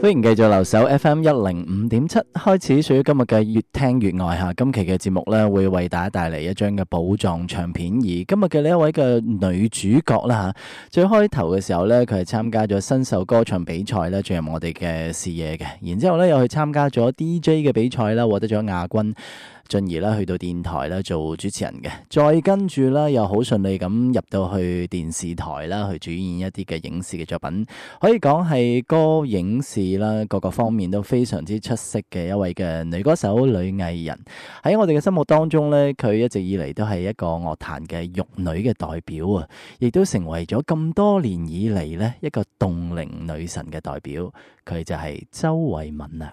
歡迎繼續留守 FM 一零五點七，開始屬於今日嘅越聽越愛吓，今期嘅節目咧會為大家帶嚟一張嘅寶藏唱片，而今日嘅呢一位嘅女主角啦吓，最開頭嘅時候咧佢係參加咗新秀歌唱比賽咧進入我哋嘅視野嘅，然之後咧又去參加咗 DJ 嘅比賽啦，獲得咗亞軍。進而啦，去到電台啦做主持人嘅，再跟住啦又好順利咁入到去電視台啦，去主演一啲嘅影視嘅作品，可以講係歌影視啦各個方面都非常之出色嘅一位嘅女歌手女藝人。喺我哋嘅心目當中呢，佢一直以嚟都係一個樂壇嘅玉女嘅代表啊，亦都成為咗咁多年以嚟呢一個凍齡女神嘅代表。佢就係周慧敏啊。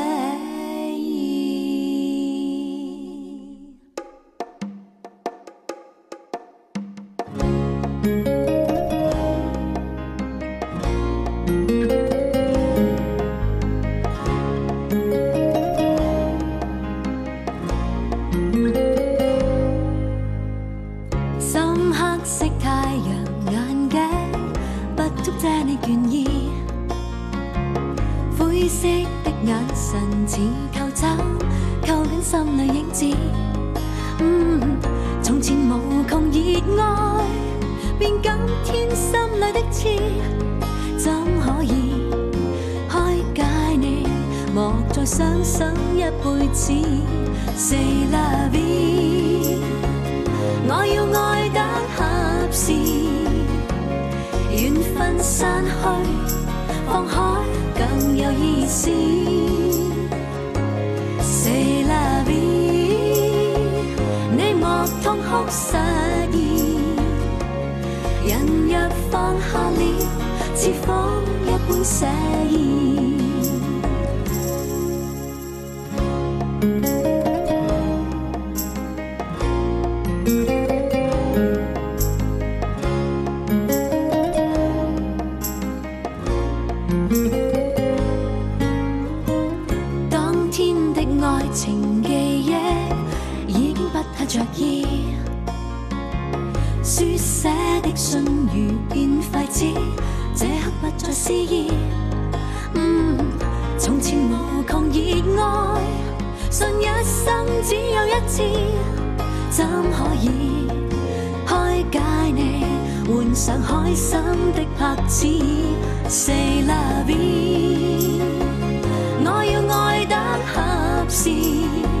太在意，書寫的信如變廢紙，這刻不再詩意。嗯，從前無窮熱愛，信一生只有一次，怎可以開解你，換上開心的拍子，Say love me，我要愛得合時。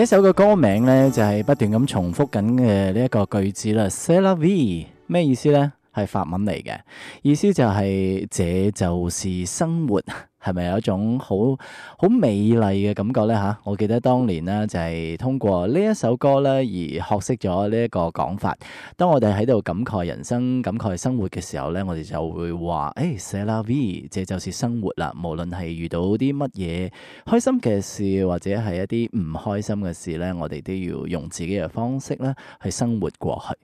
呢首嘅歌的名咧，就係不斷咁重複緊嘅呢一個句子啦，C'est la vie 咩意思呢？係法文嚟嘅，意思就係、是、這就是生活。 係咪有一種好好美麗嘅感覺呢？嚇！我記得當年呢，就係、是、通過呢一首歌呢，而學識咗呢一個講法。當我哋喺度感慨人生、感慨生活嘅時候呢，我哋就會話，誒、哎、C'est la vie，這就是生活啦。無論係遇到啲乜嘢開心嘅事，或者係一啲唔開心嘅事呢，我哋都要用自己嘅方式呢去生活過去。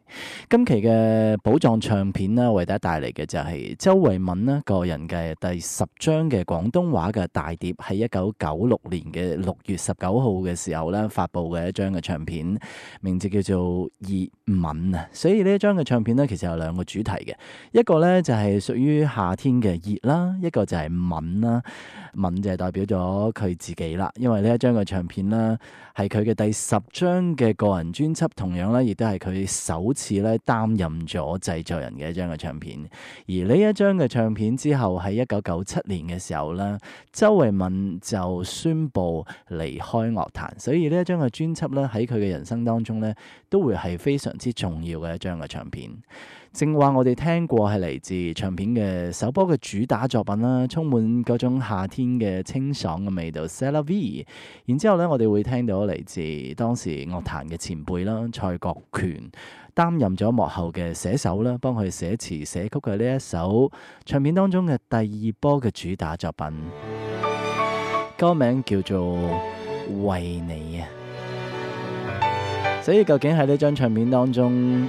今期嘅寶藏唱片呢，為大家帶嚟嘅就係周慧敏呢個人嘅第十張嘅廣。廣東話嘅大碟，喺一九九六年嘅六月十九號嘅時候咧，發布嘅一張嘅唱片，名字叫做《熱敏》啊。所以呢一張嘅唱片呢，其實有兩個主題嘅，一個呢，就係屬於夏天嘅熱啦，一個就係敏啦。敏就係代表咗佢自己啦。因為呢一張嘅唱片咧，係佢嘅第十張嘅個人專輯，同樣呢，亦都係佢首次咧擔任咗製作人嘅一張嘅唱片。而呢一張嘅唱片之後，喺一九九七年嘅時候。啦，周慧敏就宣布離開樂壇，所以呢一張嘅專輯咧，喺佢嘅人生當中咧，都會係非常之重要嘅一張嘅唱片。正話我哋聽過係嚟自唱片嘅首波嘅主打作品啦，充滿嗰種夏天嘅清爽嘅味道。Sara V，然之後咧，我哋會聽到嚟自當時樂壇嘅前輩啦，蔡國權。擔任咗幕後嘅寫手啦，幫佢寫詞寫曲嘅呢一首唱片當中嘅第二波嘅主打作品，歌名叫做《為你》啊！所以究竟喺呢張唱片當中，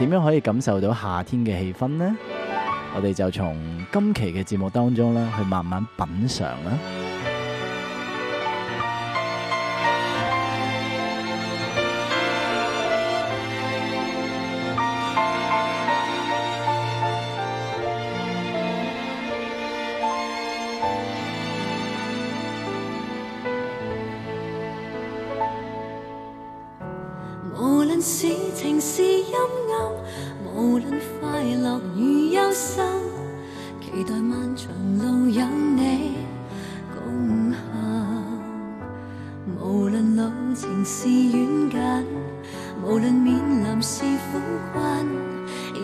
點樣可以感受到夏天嘅氣氛呢？我哋就從今期嘅節目當中啦，去慢慢品嘗啦。無論事情是陰暗，無論快樂與憂心，期待漫長路有你共行。無論路程是遠近，無論面臨是苦困，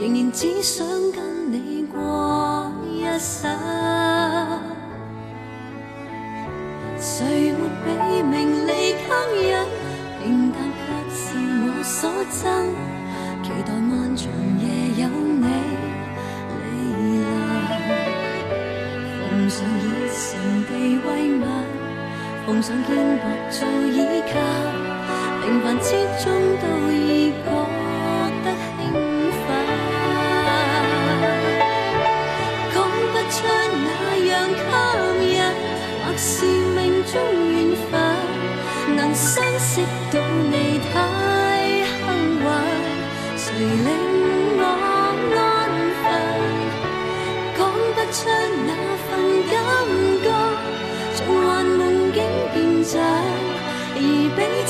仍然只想跟你過一生。用上肩膀做依靠，平凡之中都。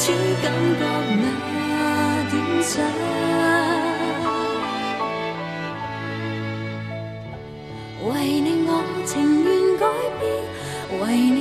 只感覺那點傷。為你我情願改變。為你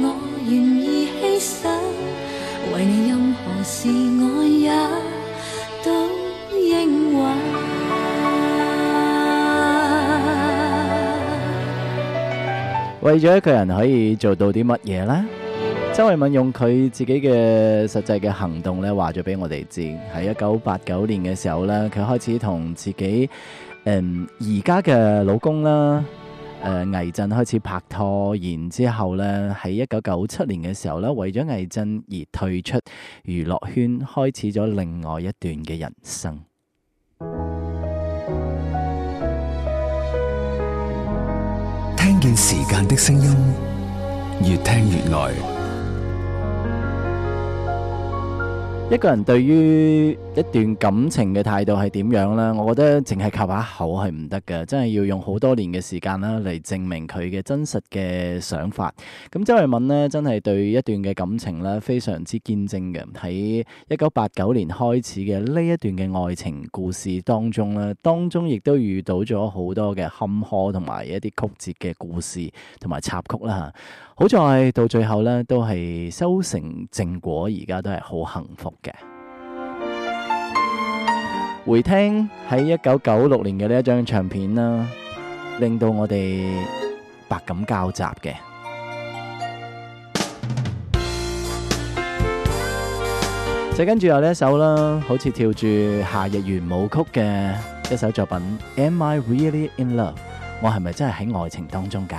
我願意牲，你任何事我也都為咗一個人可以做到啲乜嘢呢？周慧敏用佢自己嘅實際嘅行動咧，話咗俾我哋知。喺一九八九年嘅時候咧，佢開始同自己誒而家嘅老公啦。誒、呃、倪震開始拍拖，然之後咧喺一九九七年嘅時候咧，為咗倪震而退出娛樂圈，開始咗另外一段嘅人生。聽見時間的聲音，越聽越愛。一個人對於一段感情嘅態度係點樣呢？我覺得淨係靠一把口係唔得嘅，真係要用好多年嘅時間啦嚟證明佢嘅真實嘅想法。咁周慧敏呢，真係對一段嘅感情呢非常之堅貞嘅。喺一九八九年開始嘅呢一段嘅愛情故事當中呢，當中亦都遇到咗好多嘅坎坷同埋一啲曲折嘅故事同埋插曲啦。好在，到最後咧，都係修成正果，而家都係好幸福嘅。回聽喺一九九六年嘅呢一張唱片啦，令到我哋百感交集嘅。就跟住有呢一首啦，好似跳住夏日圓舞曲嘅一首作品。Am I really in love？我係咪真係喺愛情當中噶？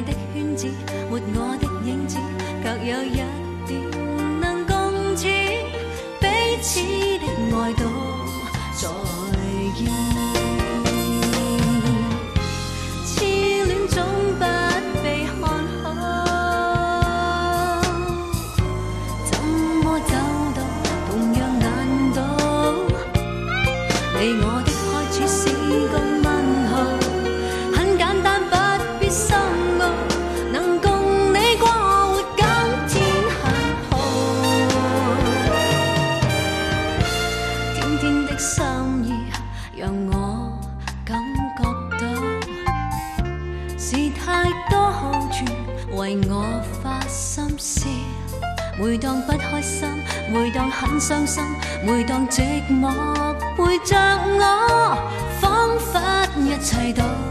每當不開心，每當很傷心，每當寂寞陪着我，仿佛一切都。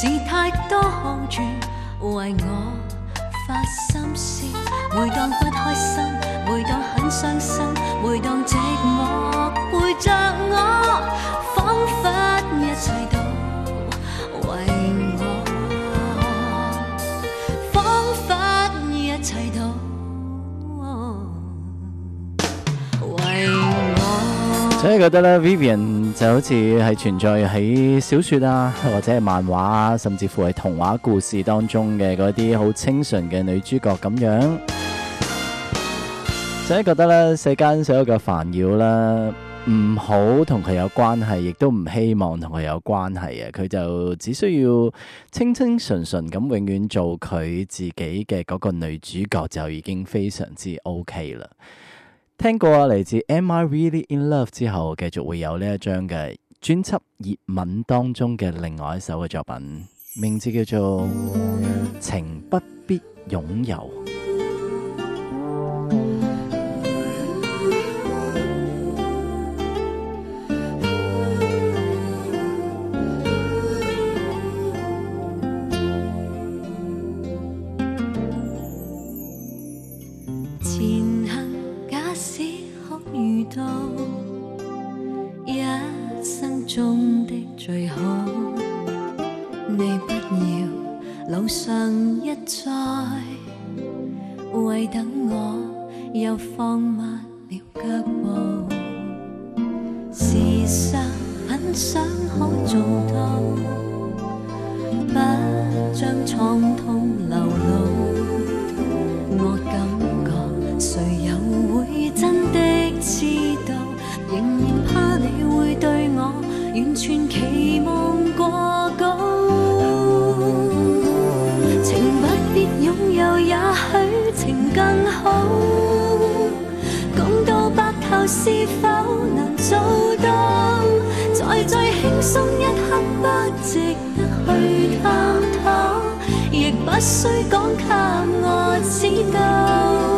是太多好處為我發心思，每當不開心，每當很傷心，每當寂寞陪着我。所以覺得咧，Vivian 就好似係存在喺小說啊，或者係漫畫啊，甚至乎係童話故事當中嘅嗰啲好清純嘅女主角咁樣。 所以覺得咧，世間所有嘅煩擾啦，唔好同佢有關係，亦都唔希望同佢有關係啊！佢就只需要清清純純咁，永遠做佢自己嘅嗰個女主角，就已經非常之 OK 啦。聽過啊，嚟自《Am I Really in Love》之後，繼續會有呢一張嘅專輯《熱·敏》當中嘅另外一首嘅作品，名字叫做《情不必擁有》。到一生中的最好，你不要路上一再為等我又放慢了腳步。時常很想可做到，不將創痛流露。仍然怕你會對我完全期望過高。 情不必擁有，也許情更好。講到白頭是否能做到？ 在最輕鬆一刻不值得去探討，亦不需講給我知道。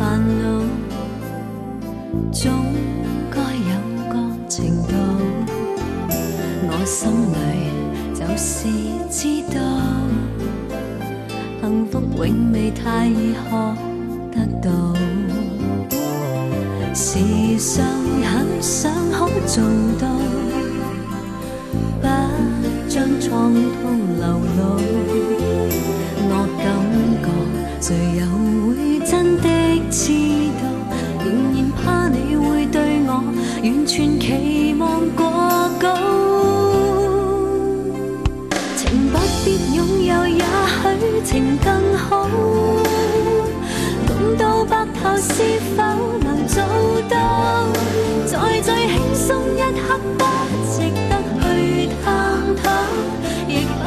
煩惱總該有個程度，我心裏就是知道，幸福永未太易可得到。時常很想可做到，不將創痛流露。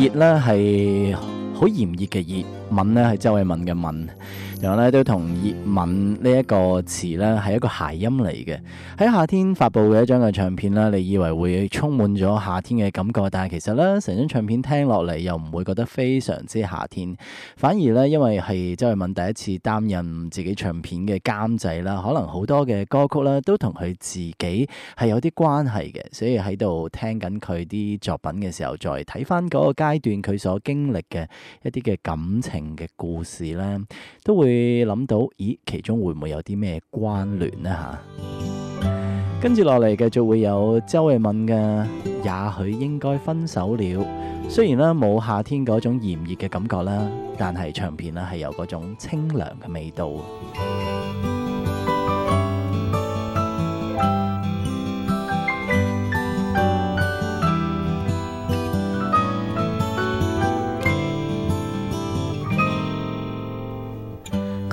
熱咧係好炎熱嘅熱，敏咧係周慧敏嘅敏。然後咧都同熱敏呢一個詞咧係一個諧音嚟嘅。喺夏天發布嘅一張嘅唱片啦，你以為會充滿咗夏天嘅感覺，但係其實咧成張唱片聽落嚟又唔會覺得非常之夏天，反而咧因為係周慧敏第一次擔任自己唱片嘅監製啦，可能好多嘅歌曲咧都同佢自己係有啲關係嘅，所以喺度聽緊佢啲作品嘅時候，再睇翻嗰個階段佢所經歷嘅一啲嘅感情嘅故事咧，都會。會諗到，咦，其中會唔會有啲咩關聯呢？吓、啊，跟住落嚟繼續會有周慧敏嘅《也許應該分手了》，雖然呢冇夏天嗰種炎熱嘅感覺啦，但係唱片呢係有嗰種清涼嘅味道。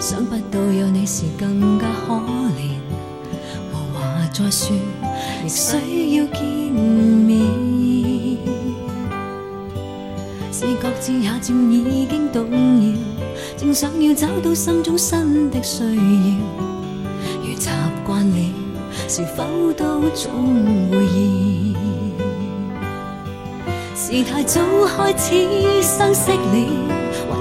想不到有你時更加可憐，無話再說，亦需要見面。視覺知也漸已經動搖，正想要找到心中新的需要。如習慣了，是否都總會厭？是太早開始相識了。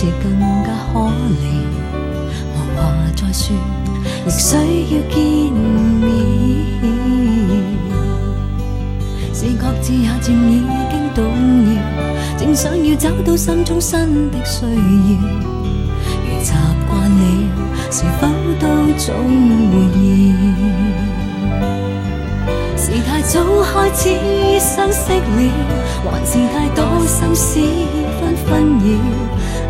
似更加可憐，無話再説，亦需要見面。視覺知也漸已經動搖，正想要找到心中新的需要。如習慣了，是否都早會厭？ 是太早開始相識了，還是太多心思紛紛擾？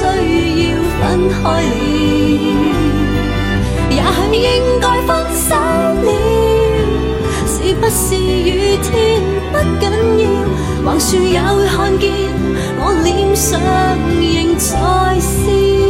需要分開了，也許應該分手了。是不是雨天不緊要，橫豎也會看見我臉上仍在笑。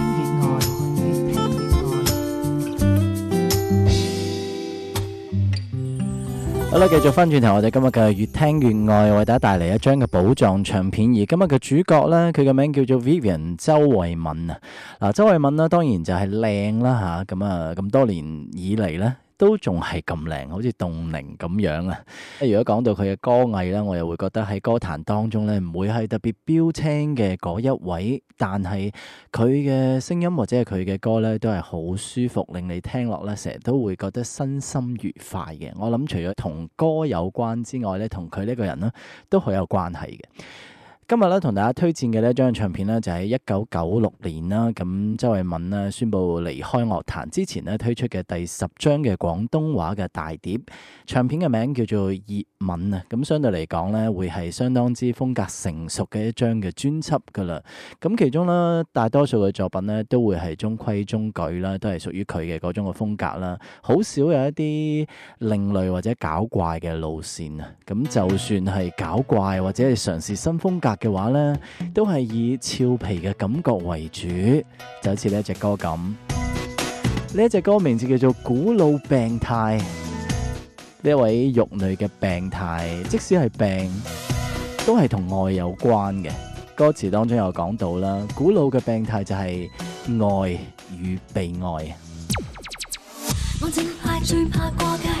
好啦，繼續翻轉頭，我哋今日嘅越聽越愛為大家帶嚟一張嘅寶藏唱片，而今日嘅主角咧，佢嘅名叫做 Vivian 周慧敏啊。嗱，周慧敏咧，當然就係靚啦吓，咁啊，咁啊，多年以嚟咧。都仲係咁靚，好似凍齡咁樣啊！如果講到佢嘅歌藝咧，我又會覺得喺歌壇當中咧，唔會係特別標青嘅嗰一位，但係佢嘅聲音或者係佢嘅歌咧，都係好舒服，令你聽落咧，成日都會覺得身心愉快嘅。我諗除咗同歌有關之外咧，同佢呢個人咧都好有關係嘅。今日咧同大家推薦嘅呢張唱片呢，就喺一九九六年啦。咁周慧敏呢，宣布離開樂壇之前呢，推出嘅第十張嘅廣東話嘅大碟，唱片嘅名叫做《熱敏》啊。咁相對嚟講呢，會係相當之風格成熟嘅一張嘅專輯噶啦。咁其中呢，大多數嘅作品呢，都會係中規中矩啦，都係屬於佢嘅嗰種嘅風格啦。好少有一啲另類或者搞怪嘅路線啊。咁就算係搞怪或者係嘗試新風格嘅話咧，都係以俏皮嘅感覺為主，就好似呢一隻歌咁。呢一隻歌名字叫做《古老病態》，呢一位玉女嘅病態，即使係病，都係同愛有關嘅。歌詞當中有講到啦，古老嘅病態就係、是、愛與被愛。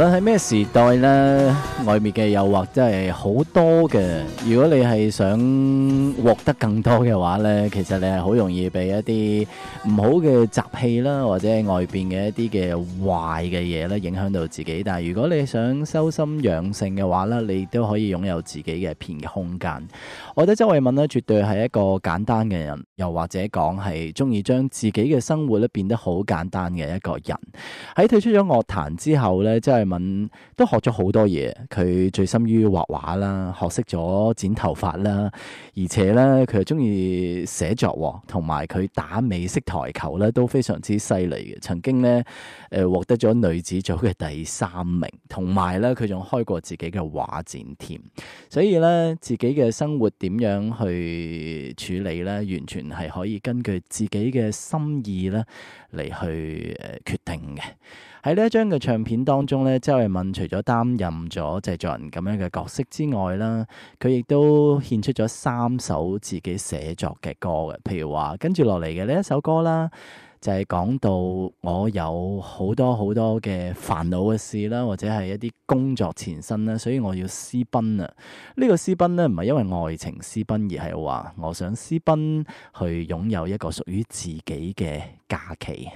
無論係咩時代呢，外面嘅誘惑真係好多嘅。如果你係想獲得更多嘅話呢，其實你係好容易被一啲。唔好嘅雜氣啦，或者外邊嘅一啲嘅壞嘅嘢咧，影響到自己。但係如果你想修心養性嘅話咧，你都可以擁有自己嘅片嘅空間。我覺得周慧敏呢，絕對係一個簡單嘅人，又或者講係中意將自己嘅生活咧變得好簡單嘅一個人。喺退出咗樂壇之後咧，周慧敏都學咗好多嘢。佢醉心於畫畫啦，學識咗剪頭髮啦，而且咧佢又中意寫作，同埋佢打美式台球咧都非常之犀利嘅，曾經咧，誒獲得咗女子組嘅第三名，同埋咧佢仲開過自己嘅畫展添，所以咧自己嘅生活點樣去處理咧，完全係可以根據自己嘅心意咧嚟去誒決定嘅。喺呢一張嘅唱片當中咧，周慧敏除咗擔任咗製作人咁樣嘅角色之外啦，佢亦都獻出咗三首自己寫作嘅歌嘅，譬如話跟住落嚟嘅呢一首歌啦。就係講到我有好多好多嘅煩惱嘅事啦，或者係一啲工作纏身啦，所以我要私奔啊！呢個私奔咧唔係因為愛情私奔，而係話我想私奔去擁有一個屬於自己嘅假期。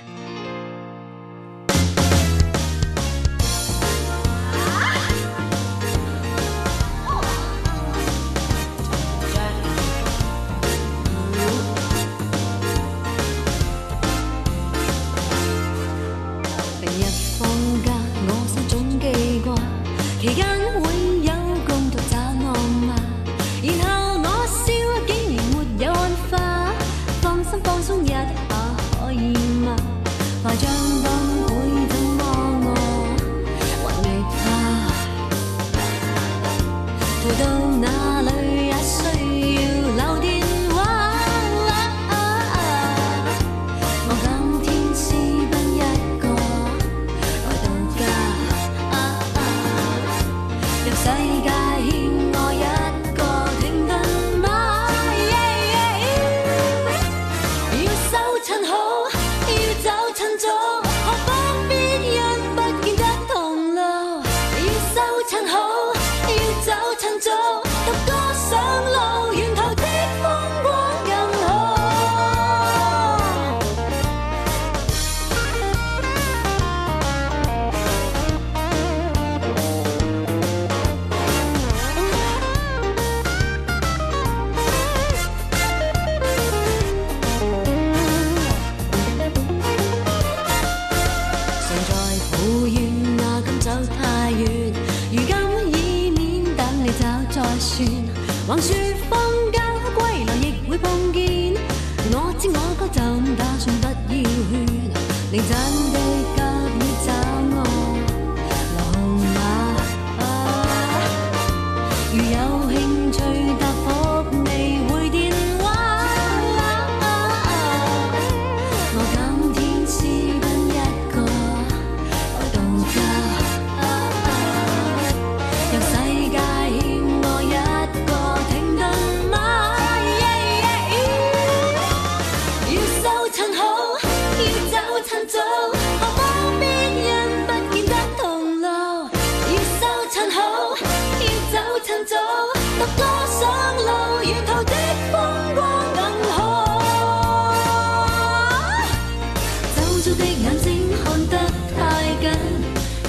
的眼睛看得太緊，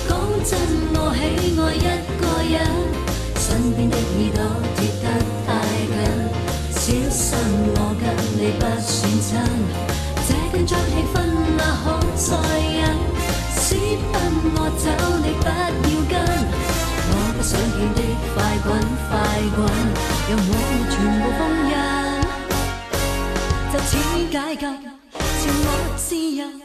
講真我喜愛一個人。身邊的耳朵貼得太緊，小心我跟你不算親。這緊張氣氛哪可再忍？私奔我走你不要跟，我不想見的快滾快滾，讓我全部封印，就此解禁，還我自由。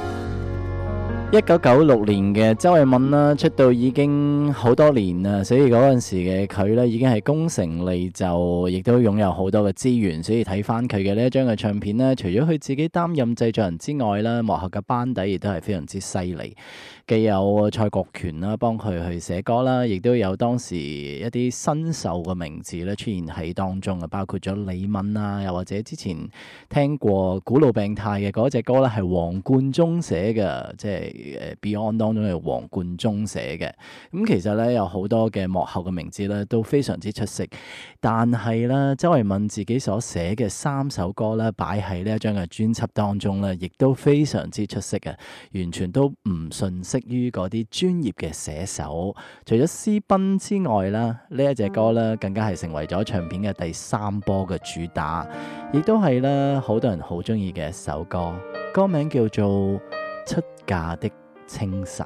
一九九六年嘅周慧敏啦，出道已經好多年啦，所以嗰陣時嘅佢咧，已經係功成利就，亦都擁有好多嘅資源，所以睇翻佢嘅呢一張嘅唱片咧，除咗佢自己擔任製作人之外咧，幕後嘅班底亦都係非常之犀利。既有蔡國權啦，幫佢去寫歌啦，亦都有當時一啲新秀嘅名字咧出現喺當中啊，包括咗李敏啊，又或者之前聽過古老病態嘅嗰隻歌咧，係黃冠中寫嘅，即係誒 Beyond 當中係黃冠中寫嘅。咁其實咧有好多嘅幕後嘅名字咧都非常之出色，但係咧周慧敏，自己所寫嘅三首歌咧擺喺呢一張嘅專輯當中咧，亦都非常之出色嘅，完全都唔遜色。適於嗰啲專業嘅寫手，除咗私奔之外啦，呢一隻歌啦，更加係成為咗唱片嘅第三波嘅主打，亦都係咧好多人好中意嘅一首歌，歌名叫做《出嫁的清晨》。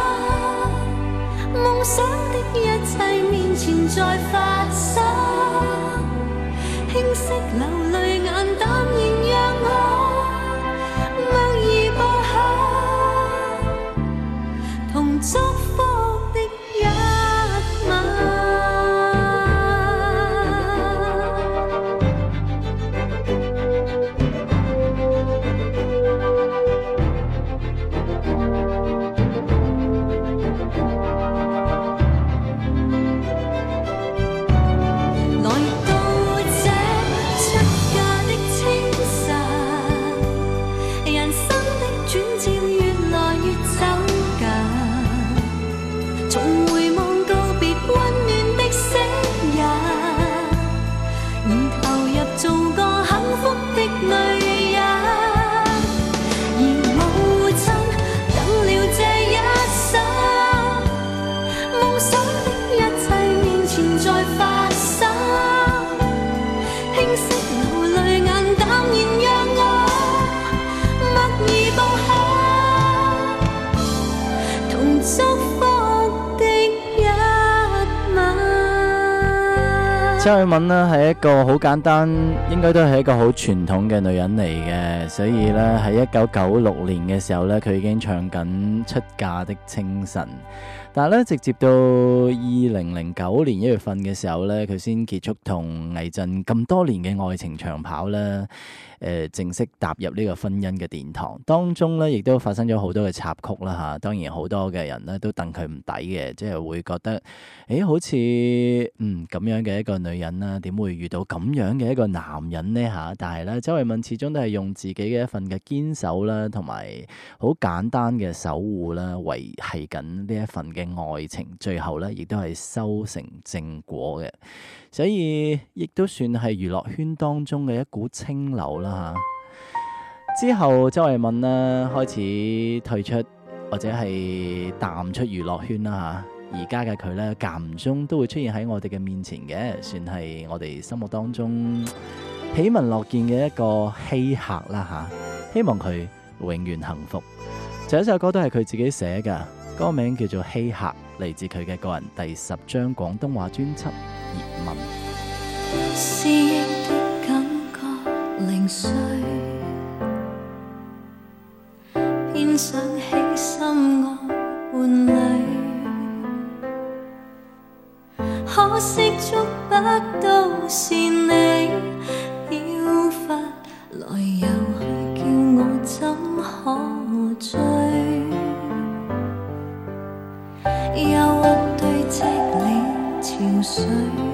夢想的一切面前在發生，輕拭流淚眼。周慧敏咧係一個好簡單，應該都係一個好傳統嘅女人嚟嘅，所以呢，喺一九九六年嘅時候呢，佢已經唱緊《出嫁的清晨》，但係咧直接到二零零九年一月份嘅時候呢，佢先結束同倪震咁多年嘅愛情長跑啦。誒、呃、正式踏入呢個婚姻嘅殿堂當中咧，亦都發生咗好多嘅插曲啦吓、啊、當然好多嘅人咧都戥佢唔抵嘅，即係會覺得誒好似嗯咁樣嘅一個女人啦、啊，點會遇到咁樣嘅一個男人咧吓、啊，但係咧，周慧敏始終都係用自己嘅一份嘅堅守啦，同埋好簡單嘅守護啦，維繫緊呢一份嘅愛情，最後咧亦都係修成正果嘅。所以亦都算係娛樂圈當中嘅一股清流啦。啊！之後周慧敏咧開始退出或者係淡出娛樂圈啦吓，而家嘅佢咧間唔中都會出現喺我哋嘅面前嘅，算係我哋心目當中喜聞樂見嘅一個稀客啦吓、啊。希望佢永遠幸福。就一首歌都係佢自己寫嘅，歌名叫做《稀客》，嚟自佢嘅個人第十張廣東話專輯《熱·敏》。零碎，偏想起心愛伴侶，可惜觸不到是你，飄忽來又去，叫我怎可追？憂鬱堆積你潮水。